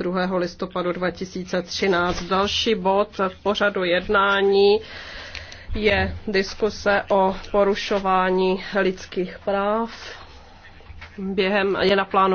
2. listopadu 2013. Další bod v pořadu jednání je diskuse o porušování lidských práv. Během je naplánováno